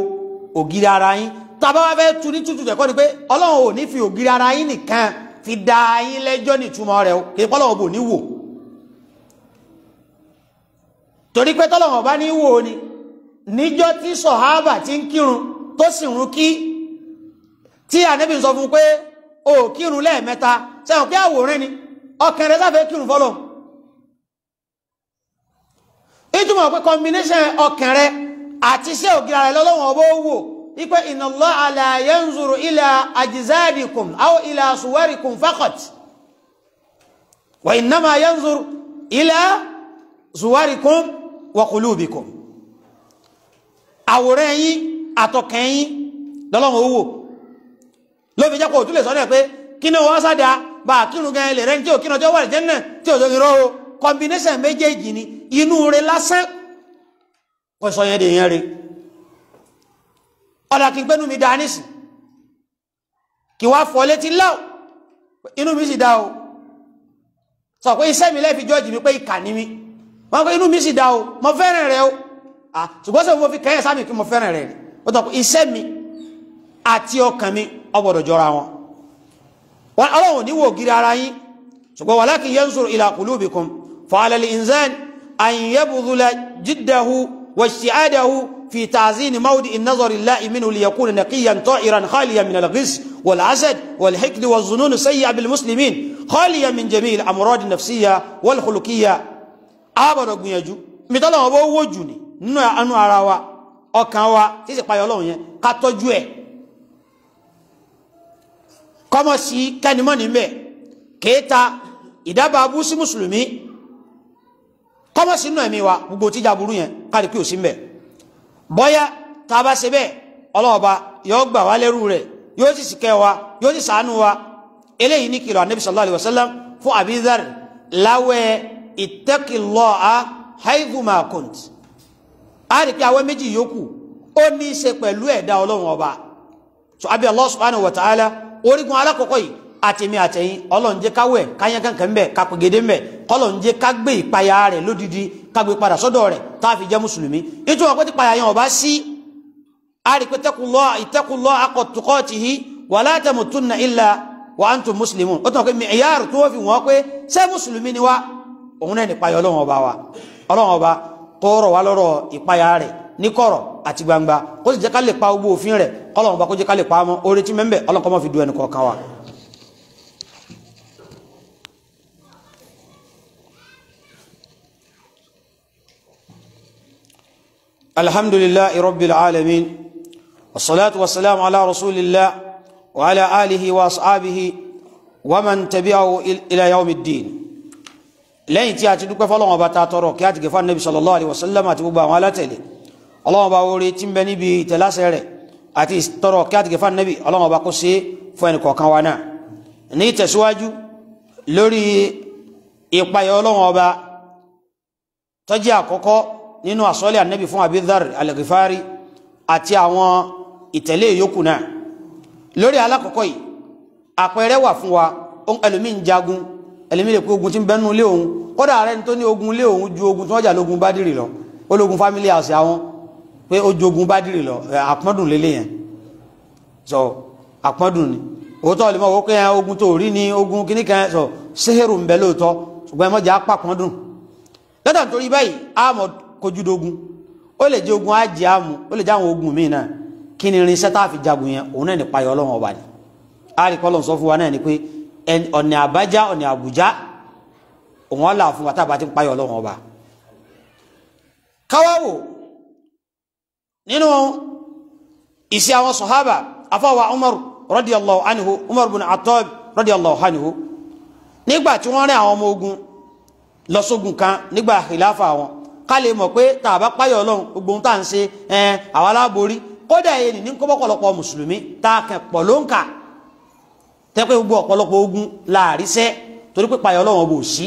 ògiri ara yín tàbá wá fẹ́ tu ní tútù tẹ̀kọ́ ni pé ọlọ́run ò fi ògiri ara yín nìkan fi da yín lẹ́jọ́ nìtumọ̀ rẹ̀ o kì í pọ́lọ́run ọba ò torí pé tọ́lọ̀wọ̀n bá ní wò ni níjọ́ tí sọ̀hábà ti ń kírun tó sì kí tí ànábì sọ fún pé o kírun lẹ́ẹ̀mẹ́ta sẹ́wọ̀n pé àwòrán ni ọkàn rẹ̀ sáfẹ́ kírun fọ́lọ̀ ìtumọ̀ pé combination ọkàn àti iṣẹ́ ògìrà wò wa qulubikum àwòrán yín àtọkàn yín lọ́lọ́run owó ló fi jẹ́pọ̀ òtúlẹ̀ sọ́nà pé kí ni wọ́n sáda bá kírun gan ilẹ̀ rẹ̀ tí ò kírun ọjọ́ wà lè jẹ́nà tí ò sóyún rọ́ọ̀ combination méjèèjì ni inú rẹ̀ lásán kò sọ yẹn dèèyàn rẹ̀ ọ̀dà kí n gbẹ́nu mi da nísì kí wá fọ létí láò inú mi sì dá o sọ pé iṣẹ́ mi lẹ́ẹ̀fi jọ́ọ̀jì mi pé ìkà ni mi. wọ́n kọ́ inú mi sì dá o mo fẹ́ràn rẹ o ṣùgbọ́n sọ fún fi kẹ́yẹ sáàmì kí mo fẹ́ràn rẹ ni ó tọ́ iṣẹ́ mi àti ọkàn mi ọgbọ̀dọ̀ jọra wọn ọlọ́run ní wò gírí ara yín ṣùgbọ́n walakin yansuru ila qulubikum fa'ala al-insan an yabdhula jiddahu واجتهاده في تعزين موضع النظر الله منه ليكون نقيا طائرا خاليا من الغش والعسد والحقد والظنون السيئه بالمسلمين خاليا من جميع الامراض النفسيه والخلقيه àbọ̀dọ̀ gbìyànjú mìtọ́lọ̀ wọn bó wò jù ní nínú anú ara wa ọkàn wa tí sì payọ̀ ọlọ́run yẹn ká tọ́jú ẹ̀ kọ́mọ̀ sí kẹ́nimọ́ níbẹ̀ kéèta ìdábàbú sí mùsùlùmí kọ́mọ̀ sínú ẹ̀mí wa gbogbo tíjà burú yẹn káàdì pé ò sí mbẹ̀ bọ́yá tá a bá ṣe bẹ́ẹ̀ ọlọ́ọ̀ba yóò gbà wá lẹ́rú rẹ̀ yóò sì ṣìkẹ́ wa yóò sì ṣàánú wa eléyìí ní kìlọ̀ ànábì sallallahu alaihi wasallam fún Abidhar ittaqillaha haythuma kunt a rí pé àwọn méjì yòókù ó ní í ṣe pẹ̀lú ẹ̀dá ọlọ́run ọba so abi Allah subhanahu wa ta'ala orígun alákọ̀ọ́kọ́ yìí àtẹ̀mí àtẹ̀yìn ọlọ́run jẹ́ káwẹ̀ káyánkankan mbẹ̀ kápẹ́gẹ́dẹ́ mbẹ̀ kọ́lọ́run jẹ́ kágbé ìpayà rẹ̀ lódìdí fi jẹ́ mùsùlùmí nítorí pé ni wá òun náà nípa ọlọ́run ọba wa ọlọ́run ọba kó rọ̀ wá lọ́rọ̀ ìpayà rẹ̀ ní kọ̀rọ̀ àti gbangba kó sì jẹ́ ká lè pa gbogbo òfin rẹ̀ kọ́lọ́run ọba kó jẹ́ ká lè pa á mọ́ orí tí mẹ́mbẹ̀ ọlọ́run kó má fi du ẹnì kọ̀ọ̀kan wa. الحمد لله رب العالمين والصلاة والسلام على رسول الله وعلى آله وأصحابه ومن تبعه إلى يوم الدين lẹ́yìn tí a ti dúpẹ́ fọ́lọ́wọ́n bá ta tọrọ kí a ti gẹ̀fà nẹ́bí sallallahu alaihi wasallam àti gbogbo àwọn alátẹ̀lẹ̀ ọlọ́wọ́n bá wọlé tí ń bẹ níbi ìtẹ̀láṣẹ rẹ̀ àti tọrọ kí a ti gẹ̀fà nẹ́bí ọlọ́wọ́n bá kó ṣe fún ẹnì kọ̀ọ̀kan wa náà ní tẹ̀síwájú lórí ìpayọ̀ ọlọ́wọ́n ọba tó jẹ́ àkọ́kọ́ nínú àsọ́lẹ̀ ànẹ́bí fún Abidhar al àti àwọn ìtẹ̀lé yòókù náà lórí alákọ̀ọ́kọ́ yìí àpẹẹrẹ wà fún wa ẹlòmíín jagun ẹlẹ́mìí lè pé ogun tí ń bẹ́nu lé òun kódà ààrẹ ní tó ní ogun lé òun ju ogun tí wọ́n jà lógun Bádìrì lọ ó lógun family house àwọn pé ó ju ogun Bádìrì lọ àpọ́ndùn lélẹ̀ yẹn sọ àpọ́ndùn ni òótọ́ lè mọ̀ wọ́n pé ogun tó rí ni ogun kíní kan sọ sẹ́hẹ̀rù ń bẹ lóòótọ́ ṣùgbọ́n ẹ pàpọ́ndùn lọ́dọ̀ nítorí báyìí àmọ̀ kojú dogun ó lè jẹ́ ogun ajé àmú ó lè jẹ́ àwọn ogun míì náà kí ni irinṣẹ́ tá a fi jagun yẹn òun náà nípa yọ ọlọ́run ọba ni àríkọ́ lọ́n sọ fún wa náà ni pé ọ̀nà àbájá ọ̀nà àbújá òun ọ̀là fún wa tábà ti ń payọ̀ ọlọ́run ọba káwáwò nínú ìṣe àwọn sọ̀hábà afáwà umar radiyallahu anhu umar bin atob radiyallahu anhu nígbà tí wọ́n rìn àwọn ọmọ ogun lọ sógun kan nígbà khilafa wọn ká lè mọ̀ pé tàbá páyọ̀ ọlọ́run gbogbo ohun tá à ń ṣe àwọn aláborí kódà èyí ní kọ́bọ̀kọ̀lọpọ̀ mùsùlùmí tá a kàn pọ̀ ló tẹ́pẹ́ gbogbo ọ̀pọ̀lọpọ̀ ogun láàrísẹ́ torí pé payọ̀ ọlọ́wọ́n bò sí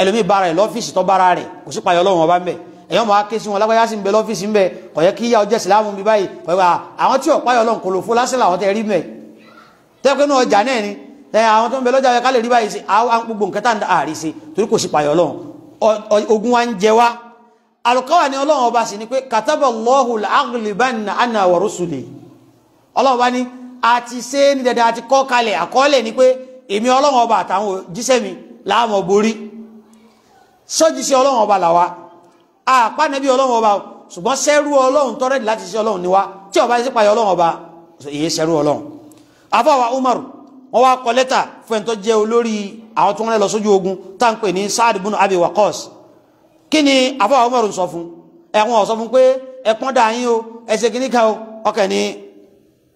ẹlòmíì bára ẹ̀ lọ́fíìsì tó bára rẹ̀ kò sí payọ̀ ọlọ́wọ́n bá ń bẹ̀ èèyàn máa ké sí wọn lágbáyà sí ń bẹ lọ́fíìsì ń bẹ kò yẹ kí ìyá ọjọ́ ìsìlámù bí báyìí kò àwọn tí ọ̀pá ni àwọn tó ń bẹ lọ́jà yẹ ká lè rí báyìí sí àwọn gbogbo nǹkan tá à ń àárí ni ọlọ́run ọba ni pé kataballahu al-aghlibanna ana wa rusuli ọlọ́run a ti ṣe é ní dandan a ti kọ́ kalẹ̀ àkọọ́lẹ̀ ni pé èmi ọlọ́run ọba àtàwọn jíṣẹ́ mi láàmọ̀ borí sójíṣẹ́ ọlọ́run ọba làwa àpá nẹ́bí ọlọ́run ọba ṣùgbọ́n sẹ́rú ọlọ́run tọ́rẹ́ láti ṣe ọlọ́run ni wa tí ọba ṣe payọ ọlọ́run ọba èyí sẹ́rú ọlọ́run afọwà Umar wọn wá kọ lẹ́tà fún ẹni tó jẹ́ olórí àwọn tó ń rẹ́ lọ sójú ogun tá ń pè ní Saad bin Abi Waqqas kí ni afọwà umaru sọ fún ẹ̀wọ̀n sọ fún pé ẹ̀pọ́n dà yín o ẹ̀ṣẹ̀ kìnnìkan o ọkẹ́ ni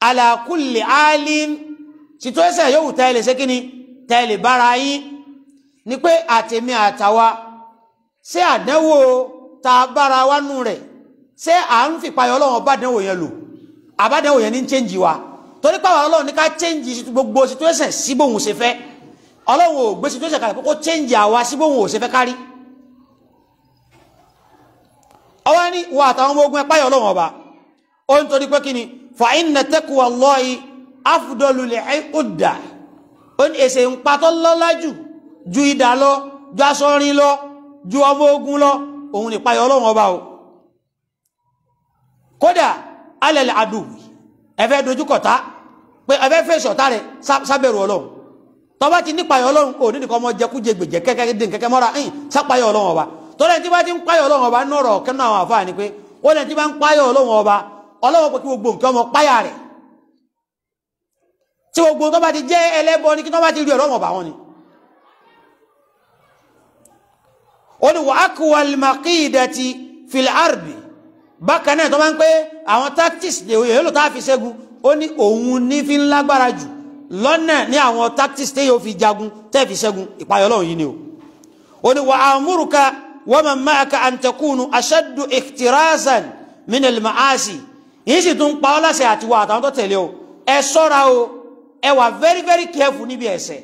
ala kulli alin situation yòówù tẹ́lẹ̀ ṣé kíni tẹ́lẹ̀ bára yín ni pé àtẹ̀mí àtàwa ṣé àdánwò ta bára wa nù rẹ̀ ṣé à ń fìpayọ̀ ọlọ́run bá àdánwò yẹn lò àbádánwò yẹn ní change wa torí pàwọn ọlọ́run ní ká change gbogbo situation sí bóun ṣe fẹ́ ọlọ́run ò gbé situation kalẹ̀ kó change àwa sí ò ṣe fẹ́ kárí ọwọ́ ní wọ àtàwọn ọmọ ogun ẹ páyọ̀ ọlọ́run ọba ó ń torí pé kíni fàáyínà tẹ́kùwà lọ́ọ̀yì afudọ́lulẹ̀ ọ̀dà ó ní èsè ń patọ́ lọ́lá jù ju idà lọ ju asọ́rin lọ ju ọmọ ogun lọ òun nípayọ̀ ọlọ́run ọba o kódà alẹ́lẹ́ àdùwì ẹ̀fẹ́ dojúkọ̀tá pé ẹ̀fẹ́ fèsì ọ̀tá rẹ̀ sábẹ̀rù ọlọ́run tọ́ba ti nípayọ̀ ọlọ́run òní nìkan ọmọ jẹkújẹ gbèjẹ kẹ́kẹ́ dín kẹ́kẹ́ mọ́ra ẹ̀yìn sápayọ̀ ọlọ́run ọba tọ́lẹ̀ tí bá ti ń payọ̀ ọlọ́run ọba nọ̀rọ̀ kẹ́nu àwọn àfáà ni pé ó lẹ́ ti bá ń payọ̀ ọlọ́run ọba ọlọ́wọ́ pé kí gbogbo nǹkan ọmọ páyà rẹ̀ tí gbogbo tó bá ti jẹ́ ẹlẹ́bọ ní kí tó bá ti rí ọ̀rọ̀ ọmọ bá wọn ni ó ní wa aqwal maqidati fil ardi bákan náà tó máa ń pé àwọn tactics lè yẹ lò tá a fi ṣẹ́gun ó ní òun ní fi ń lágbára jù lọ́nà ní àwọn tactics tẹ́yẹ fi jagun tẹ́ fi ṣẹ́gun ìpayọ̀ ọlọ́run yìí ni o ó ní wa amuruka wa man ma'aka an takunu ashaddu ikhtirazan min yìí sì tún pa ọ́ láṣẹ àtiwọ́ àtàwọn tó tẹ̀lé o ẹ sọ́ra o ẹ wà very very careful níbi ẹ̀ṣẹ̀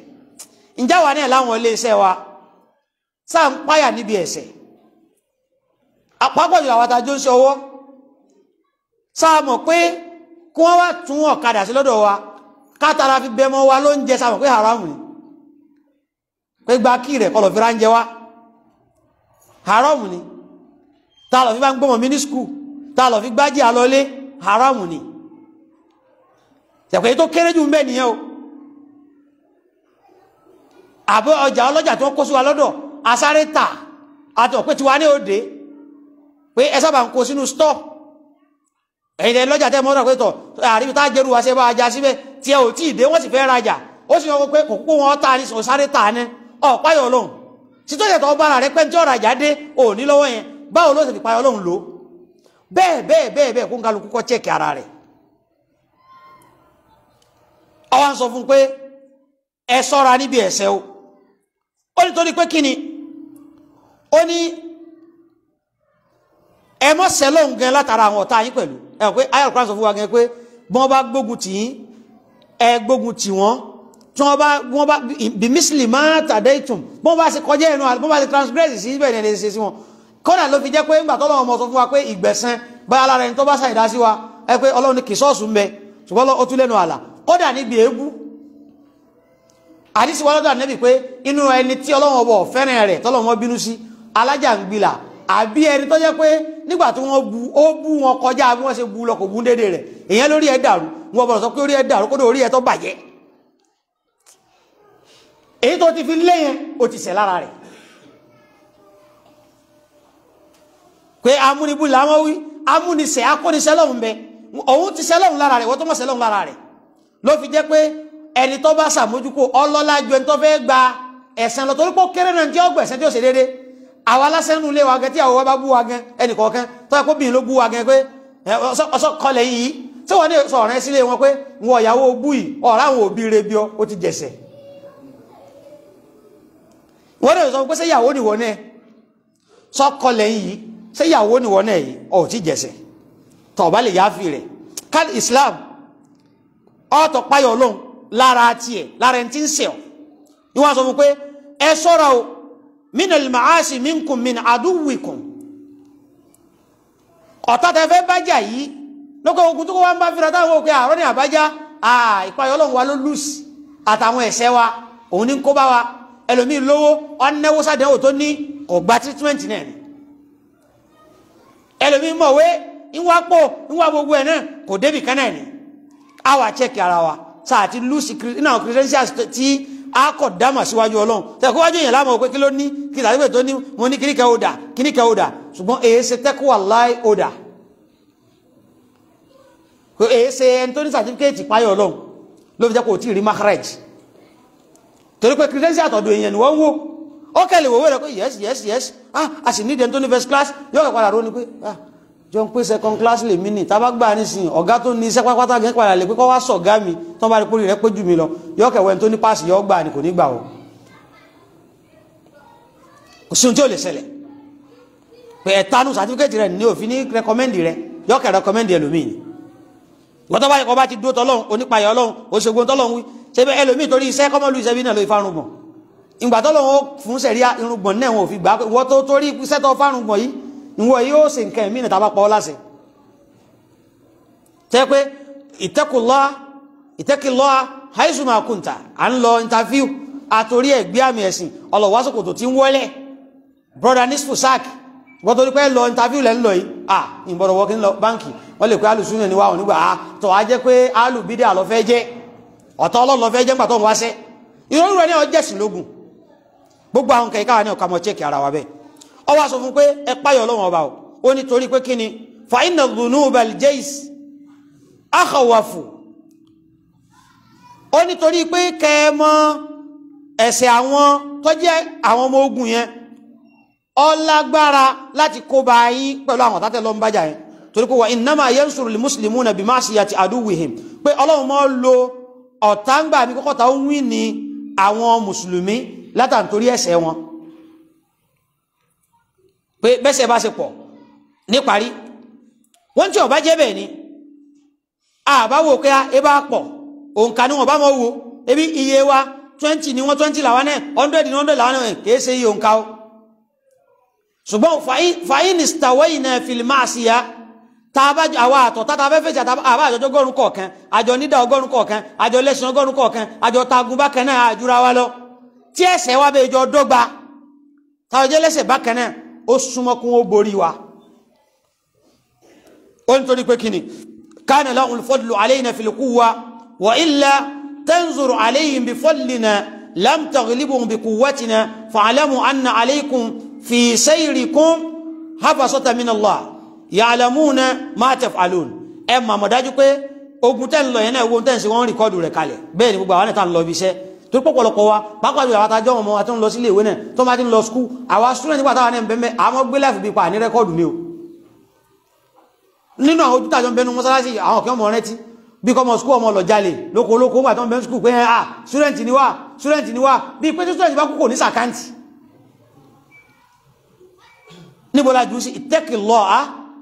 ǹjẹ́ wà náà láwọn iléeṣẹ́ wa saa ń páyà níbi ẹ̀ṣẹ̀ àpapọ̀ àwọn àtàjọ ń ṣe ọwọ́ sáà mọ̀ pé kí wọ́n wá tún ọ̀kadà sí lọ́dọ̀ wa fi bẹmọ wa ló ń jẹ sáà mọ̀ pé ni pé gba kí rẹ̀ kọlọ̀ wa haram ni tá a fi bá ń school tá fi gbájí haramu ni ṣẹ̀pẹ̀ tó kéré jù mẹ́ nìyẹn o àbọ̀ ọjà ọlọ́jà tó kó sí lọ́dọ̀ asáré tà àtọ̀ pé tiwa ní òde pé ẹ sábà ń kó sínú stọ́ ẹ̀yìn lọ́jà tẹ́ mọ́tò pé tọ̀ tá jẹ́rù wá sí ajá síbẹ̀ tí ẹ ò tí ì wọ́n sì fẹ́ rajà ó sì yọ pé kò wọn ta ni sọ sáré tà ni ọ̀páyọ̀ ọlọ́run títọ́jà tó bára rẹ pé ní ọ̀rajà dé òní lọ́wọ́ yẹn báwo ló sì fi payọ̀ ọlọ́run lò bee bee bee bẹ́ẹ̀ kó ń kálukú kọ́ chẹ́kì ara rẹ̀ àwa ń sọ fún pé ẹ o ó ní torí wa kọ́nà ló fi jẹ́ pé ńgbà tọ́lọ́run ọmọ sọ fún wa pé ìgbẹ̀san báyà lára ẹni tó bá ṣàìdá sí wa ẹ pé ọlọ́run ní kì sọ́ọ̀sù ń bẹ ṣùgbọ́n ó tún lẹ́nu àlà kódà níbi èébú àdísí wa lọ́dọ̀ ànẹ́bì pé inú ẹni tí ọlọ́run ọbọ̀ fẹ́ràn rẹ̀ tọ́lọ́run bínú sí alájàngbìlà àbí ẹni tó jẹ́ pé nígbà tí wọ́n bu ó bú wọn kọjá bí wọ́n ṣe bu lọkọ̀ bú déédéé rẹ̀ èèyàn lórí ẹ̀ dàrú wọn bọ̀rọ̀ sọ pé orí ẹ̀ dàrú kódà orí ẹ̀ tó bàjẹ́ èyí tó ti fi léyìn ó ti ṣẹ̀ lára rẹ̀ pé amúnibú làwọn wí amúnisẹ̀ akónisẹ́ lọ́hùn bẹ òun ti sẹ́lọ̀hùn lára rẹ̀ wọ́n tó mọ̀ sẹ́lọ̀hùn lára rẹ̀ ló fi jẹ́ pé ẹni tó bá sàmójúkú ọlọ́lá ju ẹni tó fẹ́ gba ẹ̀sán lọ torí pé ó kéré náà tí ó gbẹ̀sẹ̀ tí ó ṣe déédé àwa alásẹ́nu lé wa gan tí àwọn bá bú wa gan ẹnì kọ̀ọ̀kan tó yẹ kó bìnrin ló bú wa gan pé ọsọ kọlẹ̀ yìí tí wọ́n ní sọ̀rọ̀ ẹ sílé wọn pé wọn ọ̀yàwó bú yìí ọ̀rá àwọn òbí rẹ bí ó ti jẹ̀sẹ̀ wọ́n ní sọ pé sẹ́yàwó nìwọ náà sọ kọlẹ̀ yìí ṣéyàwó nìwọ náà yìí ọ̀ tí jẹ̀sẹ̀ tọ̀ọ̀bá lè yááfì rẹ̀ kal islam ọ̀tọ̀ páyọ̀ ọlọ́run lára tiẹ̀ lára ẹni tí ń sẹ̀ ọ́ ni wọ́n sọ fún pé ẹ sọ́ra o minal ma'asi minkum min aduwikum ọ̀tá tẹ fẹ́ bájà yìí lókè ogun tó kọ́ wá ń bá fira táwọn òkè àárọ̀ ní àbájá ìpayọ̀ ọlọ́run wa ló lùsì àtàwọn ẹ̀ṣẹ̀ wa òun ní kó bá wa ẹlòmíín lówó ọ̀nẹ́wó sàdéhùn tó ní ọ̀gbà treatment náà ni ẹlòmíì mọ̀wé ìwápò ìwá gbogbo ẹ̀ náà kò débì kan náà ni a wà chẹ́kì ara wa tá a ti lùsì náà credentials tí a kọ̀ dámà síwájú ọlọ́run tẹ̀kọ́ wájú èèyàn láàmú pé kí ló ní kí tàbí tó ní mo ní kíníkẹ́ ọ̀dà kíníkẹ́ ọ̀dà ṣùgbọ́n èyí ṣe tẹ́kọ̀ wà láì ọ̀dà èyí ẹni tó ní certificate ìpáyọ̀ ọlọ́run ló fi jẹ́ kó o tí rí makaraj torí pé credentials àtọ̀dọ̀ èèyàn ni wọ́n wò ọkẹ́ lè wòwé rẹ̀ pé yes yes yes ah a sì nídìí ẹni tó ní first class yóò kẹ́ padà róni pé ah jọ ń pé second class lè mí nì tábà gbà nísìnyí ọ̀gá tó ní iṣẹ́ pátápátá gẹ́ padà lè pé kọ́ wá sọ̀gá mi tó bá rí pórí rẹ̀ pé jù mí lọ yóò kẹ́ wẹ́n tó ní páàsì yóò gbà ní kò ní gbà o kò sí ohun tí ò lè ṣẹlẹ̀ pé ẹ̀tanú sàtífíkẹ́tì rẹ̀ ní òfin ní rẹ́kọ́mẹ́ndì rẹ̀ yóò kẹ́ rẹ́kọ́mẹ́ndì ẹlòmíì gbọ́dọ̀ báyìí kọ́ bá ti dúró tọ́lọ́hún onípayà ọlọ́hún òṣègùn tọ́lọ́hún wí ṣé bẹ́ẹ̀ ẹlòmíì torí iṣẹ́ kọ́mọ́lù iṣẹ́ náà ló ìfarun bọ̀ ìgbàtọ́lọ́wọ́ fún sẹ̀ríà irùngbọ̀n náà wọn ò fi gbà pé wọ́n tó torí sẹ́tọ̀ fárùngbọ̀n yìí ìwọ yóò ṣe nǹkan ìmìnà tàbá pa ọ́ láṣẹ tẹ́ pé ìtẹ́kìlọ́ haisuma à ń lọ interview àtòrí ẹ̀gbẹ́ àmì ẹ̀sìn ọlọ́wọ́sọ̀kò tó ti ń wọlé brother nisfu sack wọ́n torí pé interview lẹ́ ń lọ yìí à ìbọ̀rọ̀ wọ́kí ń lọ báǹkì wọ́n lè pé alùsùn ní wàhùn nígbà á tọ́ á jẹ́ pé ìrọ̀rùn rẹ̀ ní ọjẹ́sìn lógún gbogbo àwọn kẹ̀kẹ́ àwọn ọ̀ka mọ̀ chẹ́kì ara wa bẹ́ẹ̀ ọ wá sọ fún pé ẹ páyọ̀ ọlọ́run ọba o ó ní torí pé kíni fàínà dhunuba al-jays akhawafu ó ní torí pé kẹ ẹ mọ ẹ̀ṣẹ̀ àwọn tó jẹ́ àwọn ọmọ ogun yẹn ó lágbára láti kó bá yín pẹ̀lú àwọn tátẹ́ lọ́n bájà yẹn torí pé wa innama yansuru al-muslimuna bi ma'siyati aduwwihim pé ọlọ́run mọ́ lo ọ̀tá ń gbà mí kọ́kọ́ta ó wí ni àwọn mùsùlùmí látàntorí ẹ̀ṣẹ̀ wọn pé bẹ́ṣẹ̀ bá se pọ̀ níparí wọ́n tí ó bá jẹ́ bẹ́ẹ̀ ni àbáwò pé ẹ bá pọ̀ òǹkà ni wọ́n bá mọ́ wo ebi iye wa twenty ni wọ́n twenty làwọn náà hundred ni hundred làwọn náà kìí ṣe iye òǹkà o ṣùgbọ́n fàyín ìsìtàwọ́ ìnà fìlímà sí ya tàbájọ àwọn àtọ̀ tàbá fẹ́ fèsì àbá àjọjọ ọgọ́rùn kọ̀ọ̀kan àjọ nídà ọgọ́rùn kọ̀ọ̀kan àjọ lẹ́sìn ọgọ́rùn kọ̀ọ̀kan àjọ tagun bákan náà àjùra wa lọ tí ẹsẹ̀ wa bẹ́ẹ̀ jọ dọ́gba tàbájọ lẹ́sẹ̀ bákan náà ó súnmọ́kún ó borí wa. ó ń torí pé kíni kana lahul fadlu alayna fil quwwa wa illa tanzuru alayhim bi fadlina lam taghlibuhum bi quwwatina fa'lamu anna alaykum fi ya'lamuna ma taf'alun ẹ mà mọ̀ dájú pé ogun tẹ́ ń lọ yẹn náà wo tẹ́ ń ṣe wọ́n rìkọ́dù rẹ̀ kalẹ̀ bẹ́ẹ̀ ni gbogbo àwọn ẹ̀ta ń lọ ibi iṣẹ́ torí pọ̀pọ̀lọpọ̀ wa pàápàá jùlọ àwọn àtàjọ́ ọmọ àti ń lọ sílé ìwé náà tó máa ti ń lọ skul àwa student nígbà táwa náà ń bẹ́ẹ̀ àwọn gbé láìfi bí pa àní rẹ́kọ́dù ni o nínú àwọn ojú tàjọ́ ń bẹnu mọ́sálásí àwọn wà tó ah, ni wá ni wá bí pé student bá kú ní sàkáǹtì níbo la jù sí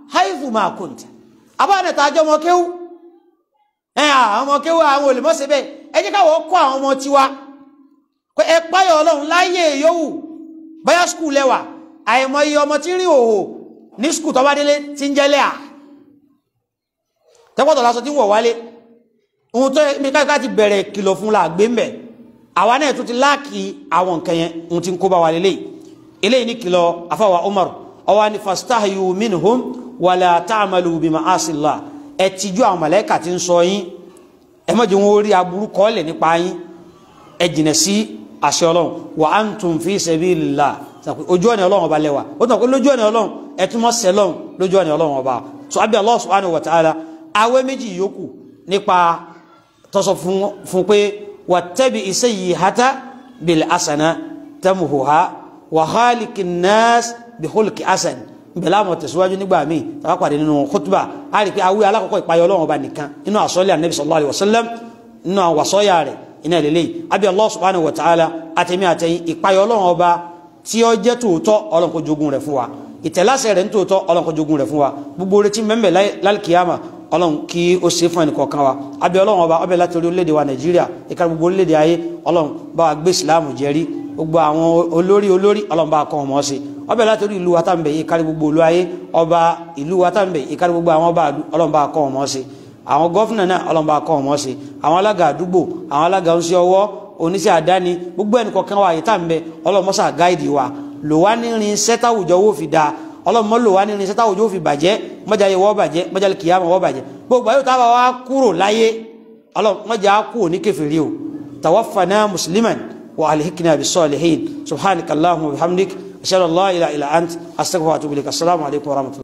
haizu ma kunta abáàdà tá a jẹ́ ọmọ kéwú ọmọ kéwú àwọn ọmọ tiwa pé ẹ páyọ̀ ọlọ́run láyé yòówù bóyá skul iye omo tí ń rí skul tó bá ti njele a. à tẹ́pọ̀tọ̀ lásọ tí ń ohun to mi káyọ̀ká ti bere kilo la gbé awa na etu ti láàkì wa eleyi Umar ni minhum wala ta'malu bi ma'asillah ẹ tijú àwọn màláíkà tí ń sọ yín ẹ má jẹ́ wọn rí aburú kọ́ọ̀lẹ̀ nípa yín ẹ jìnà sí àṣẹ ọlọ́run wa antum fi sabilillah ojú ọ̀nà ọlọ́run ọba lẹ́wà ó tàn pé lójú ọ̀nà ọlọ́run ẹ túmọ̀ sẹ́lọ́run lójú ọ̀nà ọlọ́run ọba so abi Allah subhanahu wa ta'ala awẹ́ méjì yòókù nípa tọ́sọ fún pé wattabi sayyi'ata bil hasana tamhuha wa khaliqin nas bi khulqi hasan bẹ̀lá àmọ̀ tẹ̀síwájú nígbà míì tàbá pàdé nínú khutba a rí pé awé alákọ̀ọ́kọ́ ìpayọ̀ ọlọ́run ọba nìkan nínú àsọ́lẹ̀ anabi sallallahu alayhi wa sallam nínú àwọn wàsọ́yà rẹ̀ iná ìlélẹ́yìn abi allah subhanahu wa ta'ala àtẹ̀mí àtẹ̀yìn ìpayọ̀ ọlọ́run ọba tí ó jẹ́ tòótọ́ ọlọ́run kó jogún rẹ̀ fún wa ìtẹ̀láṣẹ rẹ̀ ń tòótọ́ ọlọ́run kó jogún rẹ̀ fún wa gbogbo retí mẹ́mẹ́ lálkìyàmà ọlọ́run kí ó ṣe fún ẹnìkọ̀ọ̀kan wa abẹ́ ọlọ́run ọba ọbẹ̀ láti orí orílẹ̀-èdè wa nàìjíríà ìka gbogbo orílẹ̀-èdè ayé ọlọ́run bá gbé ìsìláàmù jẹ́rí gbogbo àwọn olórí olórí ọlọ́mọba kan ọmọ sí ọbẹ̀ látòrí ìlú watambẹ̀ yìí kárí gbogbo olú ayé ọba ìlú watambẹ̀ yìí kárí gbogbo àwọn ọba ọlọ́mọba kan ọmọ sí àwọn gọ́fìnà náà ọlọ́mọba kan ọmọ sí àwọn alága àdúgbò àwọn alága oṣù ọwọ́ oníṣẹ́ àdáni gbogbo ẹnì kọ̀ọ̀kan wa àyíká mbẹ ọlọ́mọṣà gáìdì wa lò wá nírin sẹ́tàwùjọ owó fi dáa ọlọ́mọ lò wá nírin sẹ́tàwùjọ owó fi bàjẹ́ musliman وألهكنا بالصالحين سبحانك اللهم وبحمدك أشهد أن لا إله إلا أنت أستغفرك وأتوب إليك السلام عليكم ورحمة الله